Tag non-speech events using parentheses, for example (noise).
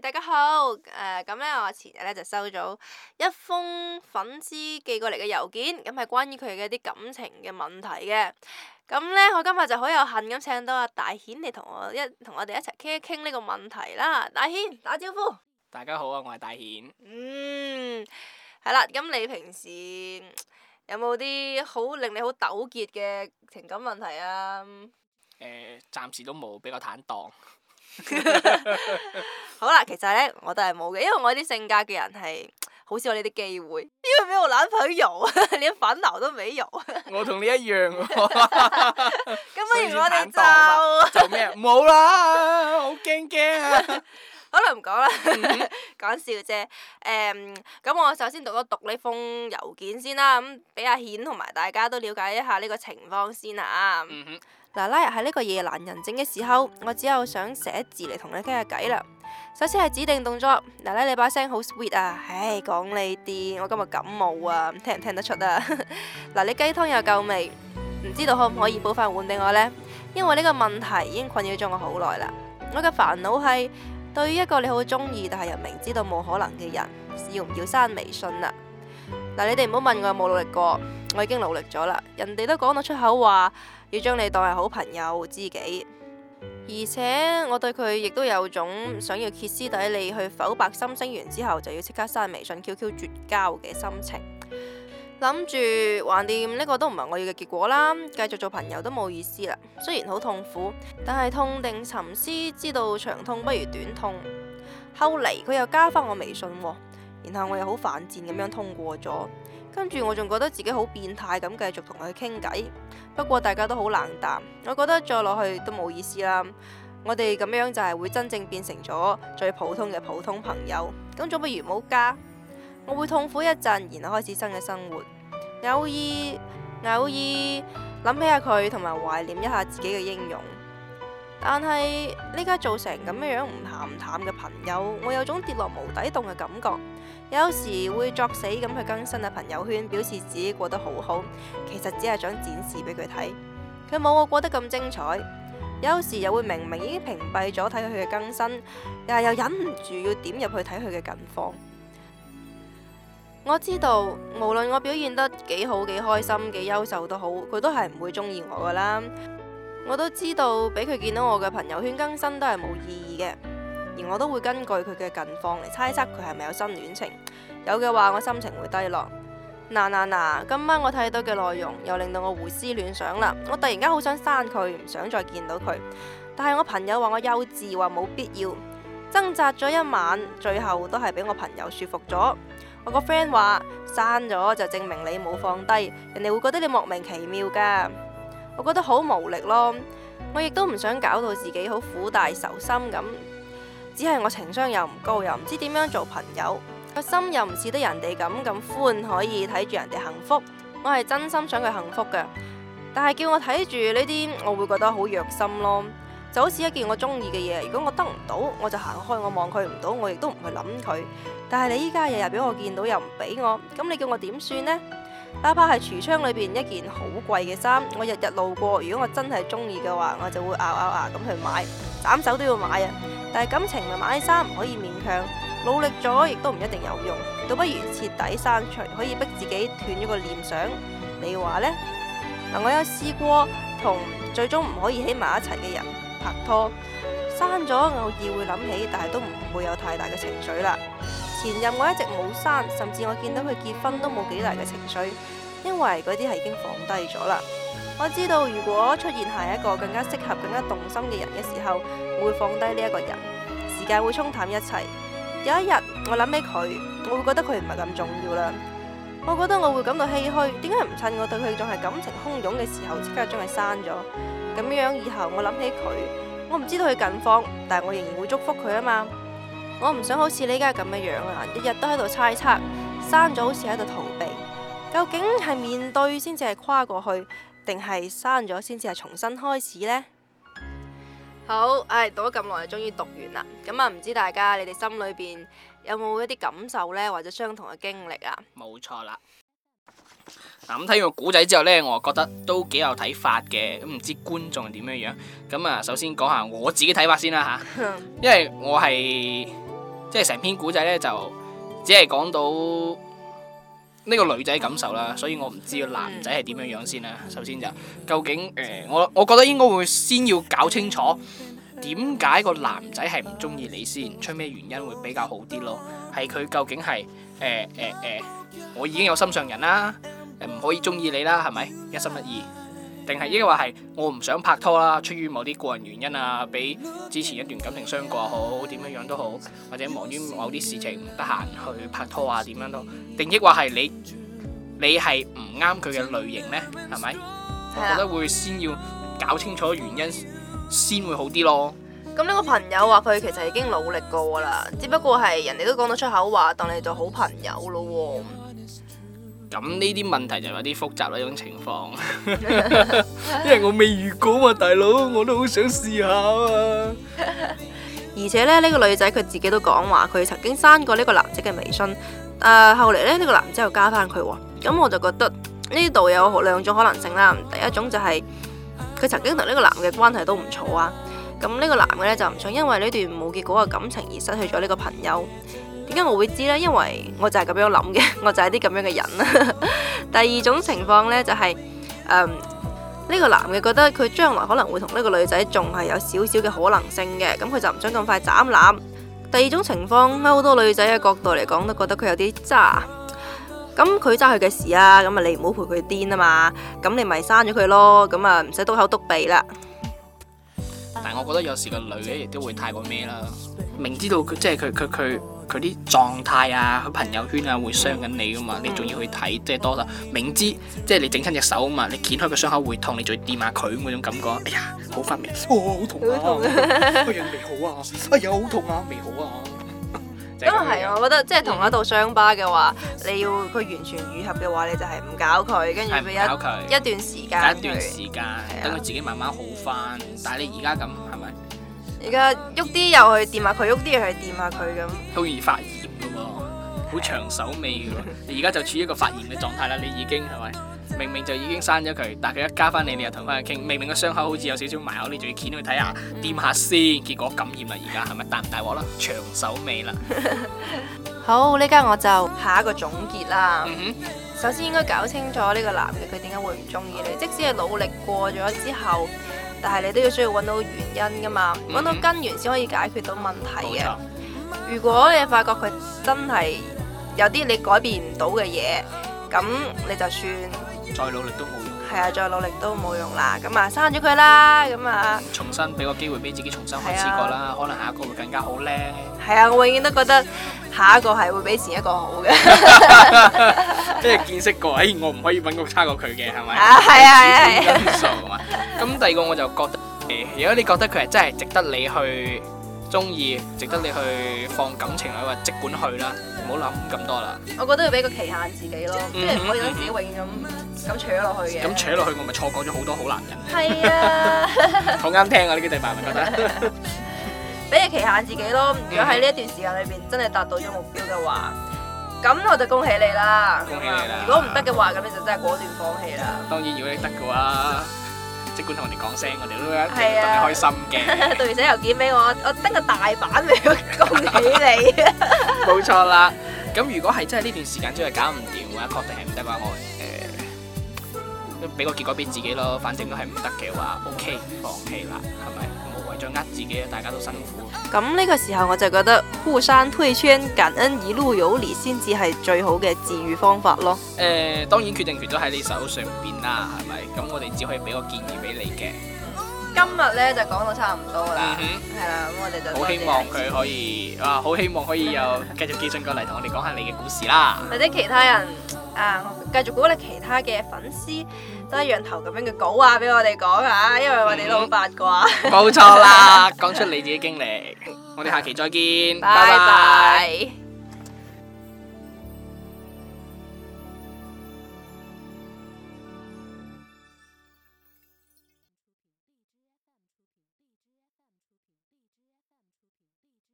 大家好，誒咁咧，我前日咧就收咗一封粉絲寄過嚟嘅郵件，咁係關於佢嘅啲感情嘅問題嘅。咁咧，我今日就好有幸咁請到阿大顯嚟同我一同我哋一齊傾一傾呢個問題啦。大顯，打招呼。大家好啊，我係大顯。嗯，係啦。咁你平時有冇啲好令你好糾結嘅情感問題啊？誒、呃，暫時都冇，比較坦蕩。 (laughs) 好啦，其實咧我都係冇嘅，因為我啲性格嘅人係好少有呢啲機會。因為俾我男朋友啊？連粉瘤都未油啊！我同你一樣喎、哦。咁、 (laughs) 嗯、 (laughs) 不如我哋就做咩？冇啦，好驚驚啊！ (laughs) 好啦，唔講啦，講笑啫。誒，咁我首先讀一讀呢封郵件先啦，咁俾阿顯同埋大家都了解一下呢個情況先啊。嗱、嗯哼，拉日喺呢個夜難人靜嘅時候，我只有想寫字嚟同你傾下偈啦。首先係指定動作，嗱咧，你把聲好 sweet 啊！唉，講呢啲，我今日感冒啊，聽唔聽得出啊？嗱， (laughs) 你雞湯又夠味，唔知道可唔可以煲翻碗俾我呢？因為呢個問題已經困擾咗我好耐啦。我嘅煩惱係～對於一個你好中意但係又明知道冇可能嘅人，要唔要刪微信啦，啊？嗱，你哋唔好問我，我有冇努力過，我已經努力咗啦。人哋都講到出口話，要將你當係好朋友知己，而且我對佢亦都有種想要歇斯底里去剖白心聲完之後，就要即刻刪微信 QQ 絕交嘅心情。諗住橫掂呢個都唔係我要嘅結果啦，繼續做朋友都冇意思啦。雖然好痛苦，但係痛定沉思，知道長痛不如短痛。後嚟佢又加翻我微信哦，然後我又好犯賤咁樣通過咗，跟住我仲覺得自己好變態咁繼續同佢傾偈。不過大家都好冷淡，我覺得再落去都冇意思啦。我哋咁樣就係會真正變成咗最普通嘅普通朋友，咁仲不如冇加。我會痛苦一陣，然後開始新嘅生活。偶爾，偶爾諗起下佢，同埋懷念一下自己嘅英勇。但係呢家做成咁樣唔鹹唔淡嘅朋友，我有種跌落無底洞嘅感覺。有時會作死咁去更新嘅朋友圈，表示自己過得好好，其實只係想展示俾佢睇。佢冇我過得咁精彩。有時又會明明已經屏蔽咗睇佢嘅更新，但係又忍唔住要點入去睇佢嘅近況。我知道，無論我表現得幾好、幾開心、幾優秀都好，佢都係唔會中意我噶啦。我都知道，俾佢見到我嘅朋友圈更新都係冇意義嘅，而我都會根據佢嘅近況嚟猜測佢係咪有新戀情。有嘅話，我心情會低落。嗱嗱嗱，今晚我睇到嘅內容又令到我胡思亂想啦。我突然間好想刪佢，唔想再見到佢。但係我朋友話我幼稚，話冇必要。掙扎咗一晚，最後都係俾我朋友說服咗。我個 friend 話刪咗就證明你冇放低，人哋會覺得你莫名其妙噶。我覺得好無力咯。我亦都唔想搞到自己好苦大仇深咁，只係我情商又唔高，又唔知點樣做朋友。個心又唔似得人哋咁咁寬，可以睇住人哋幸福。我係真心想佢幸福噶，但係叫我睇住呢啲，我會覺得好虐心咯。就好似一件我中意嘅嘢，如果我得唔到，我就行開，我望佢唔到，我亦都唔去諗佢。但係你依家日日俾我見到又唔俾我，咁你叫我點算呢？哪怕係櫥窗裏邊一件好貴嘅衫，我日日路過，如果我真係中意嘅話，我就會咬咬牙咁去買，斬手都要買啊！但係感情咪買衫唔可以勉強，努力咗亦都唔一定有用，倒不如徹底刪除，可以逼自己斷咗個念想。你話呢？嗱，我有試過同最終唔可以喺埋一齊嘅人拍拖刪咗，偶爾會諗起，但係都唔會有太大嘅情緒啦。前任我一直冇刪，甚至我見到佢結婚都冇幾大嘅情緒，因為嗰啲係已經放低咗啦。我知道如果出現下一個更加適合、更加動心嘅人嘅時候，我會放低呢一個人。時間會沖淡一切。有一日我諗起佢，我會覺得佢唔係咁重要啦。我覺得我會感到唏噓，點解唔趁我對佢仲係感情洶湧嘅時候，即刻將佢刪咗？咁樣以後我諗起佢，我唔知道佢近況，但係我仍然會祝福佢啊嘛。我唔想好似你而家咁嘅樣啊，日日都喺度猜測，刪咗好似喺度逃避。究竟係面對先至係跨過去，定係刪咗先至係重新開始呢？好，唉，讀咗咁耐，又終於讀完啦。咁啊，唔知大家你哋心裏邊有冇一啲感受呢？或者相同嘅經歷啊？冇錯啦。嗱，咁睇完個古仔之後呢，我啊覺得都幾有睇法嘅。咁唔知觀眾係點樣樣？咁啊，首先講下我自己睇法先啦吓。 (laughs) 因為我係即係成篇古仔呢，就只係講到。呢個女仔感受啦，所以我唔知男仔係點樣樣先啦。首先就究竟誒、呃，我我覺得應該會先要搞清楚點解個男仔係唔中意你先，出咩原因會比較好啲咯？係佢究竟係誒誒誒，我已經有心上人啦，唔可以中意你啦，係咪一心一意？定係抑或係我唔想拍拖啦，出於某啲個人原因啊，畀之前一段感情傷過好，點樣樣都好，或者忙於某啲事情唔得閒去拍拖啊，點樣都定抑或係你你係唔啱佢嘅類型呢？係咪？的我覺得會先要搞清楚原因先會好啲咯。咁呢個朋友話佢其實已經努力過啦，只不過係人哋都講得出口話當你做好朋友咯喎。咁呢啲問題就有啲複雜啦，呢種情況，因為我未遇過啊，大佬，我都好想試下啊。而且咧，呢個女仔佢自己都講話，佢曾經刪過呢個男仔嘅微信，啊，後嚟咧呢個男仔又加翻佢喎。咁我就覺得呢度有兩種可能性啦。第一種就係佢曾經同呢個男嘅關係都唔錯啊。咁呢個男嘅咧就唔想因為呢段冇結果嘅感情而失去咗呢個朋友。點解我會知呢？因為我就係咁樣諗嘅，我就係啲咁樣嘅人啦、 (laughs) 就是嗯這個。第二種情況呢，就係，呢個男嘅覺得佢將來可能會同呢個女仔仲係有少少嘅可能性嘅，咁佢就唔想咁快斬纜。第二種情況喺好多女仔嘅角度嚟講，都覺得佢有啲渣。咁佢揸佢嘅事啊，咁啊你唔好陪佢癲啊嘛，咁你咪刪咗佢咯，咁啊唔使篤口篤鼻啦。但係我覺得有時個女嘅亦都會太過咩啦、啊啊，明知道佢即係佢佢佢佢啲狀態啊，佢朋友圈啊會傷緊你噶嘛，你仲要去睇即係多啦，明知即係你整親隻手啊嘛，你掀開個傷口會痛，你仲要掂下佢嗰種感覺，哎呀好發黴，明哦好痛啊，乜嘢未好啊，哎呀好痛啊，未好啊。咁啊係，我覺得即係同一度傷疤嘅話，mm hmm. 你要佢完全愈合嘅話，你就係唔搞佢，跟住俾一一段時間佢，等佢自己慢慢好返。但係你而家咁係咪？而家喐啲又去掂下佢，喐啲又去掂下佢咁，好容易發炎。好長手尾㗎喎，你而家就處於一個發炎嘅狀態啦。你已經係咪明明就已經刪咗佢，但係佢一加翻你，你又同翻佢傾。明明個傷口好似有少少埋口，你仲要攪佢睇下、掂下先，結果感染啦。而家係咪大唔大鑊啦？長手尾啦。 (laughs) 好，呢家我就下一個總結啦。Mm hmm. 首先應該搞清楚呢個男嘅佢點解會唔中意你，即使係努力過咗之後，但係你都要需要揾到原因噶嘛，揾、mm hmm. 到根源先可以解決到問題嘅。錯如果你發覺佢真係～有啲你改變唔到嘅嘢，咁你就算再努力都冇用。係啊，再努力都冇用啦，咁啊刪咗佢啦，咁啊重新俾個機會俾自己重新開始過啦，啊、可能下一個會更加好咧。係啊、嗯，我永遠都覺得下一個係會比前一個好嘅。即係、就是、見識過，誒，我唔可以搵個差過佢嘅，係咪？啊，係啊，係。啊咁、allora、第二個我就覺得，如果你覺得佢係真係值得你去中意，值得你去放感情或者，即管去啦，唔好諗咁多啦。我覺得要俾個期限自己咯，mm hmm, mm hmm. 即係唔可以等自己永遠咁咁扯落去嘅。咁扯落去，我咪錯過咗好多好男人。係是啊， (laughs) 好啱聽啊呢啲對白，唔覺得？俾、啊、 (laughs) 個期限自己咯，如果喺呢一段時間裏邊真係達到咗目標嘅話，咁我就恭喜你啦。恭喜你啦！如果唔得嘅話，咁你就真係果斷放棄啦。當然如果你得嘅話。即管同我哋講聲，我哋都一、啊、你開心嘅。讀完寫郵件俾我，我登個大版俾恭喜你。冇 (laughs) (laughs) 錯啦，咁如果係真係呢段時間真係搞唔掂，或者確定係唔得嘅話，我誒俾、呃、個結果俾自己咯。反正都係唔得嘅話，OK，放棄啦，係咪？唔好為咗呃自己，大家都辛苦。咁呢個時候我就覺得，互相退圈感恩一路有你先至係最好嘅治愈方法咯。誒、呃，當然決定權都喺你手上邊啦。是咁我哋只可以俾個建議俾你嘅。今日咧就講到差唔多啦，嗯哼，係啦，咁我哋就好希望佢可以啊，好希望可以有繼續寄信過嚟同我哋講下你嘅故事啦，或者其他人啊，繼續鼓勵其他嘅粉絲都一樣投咁樣嘅稿啊，俾我哋講下，因為我哋都好八卦。冇錯啦，講出你自己經歷，我哋下期再見，拜拜。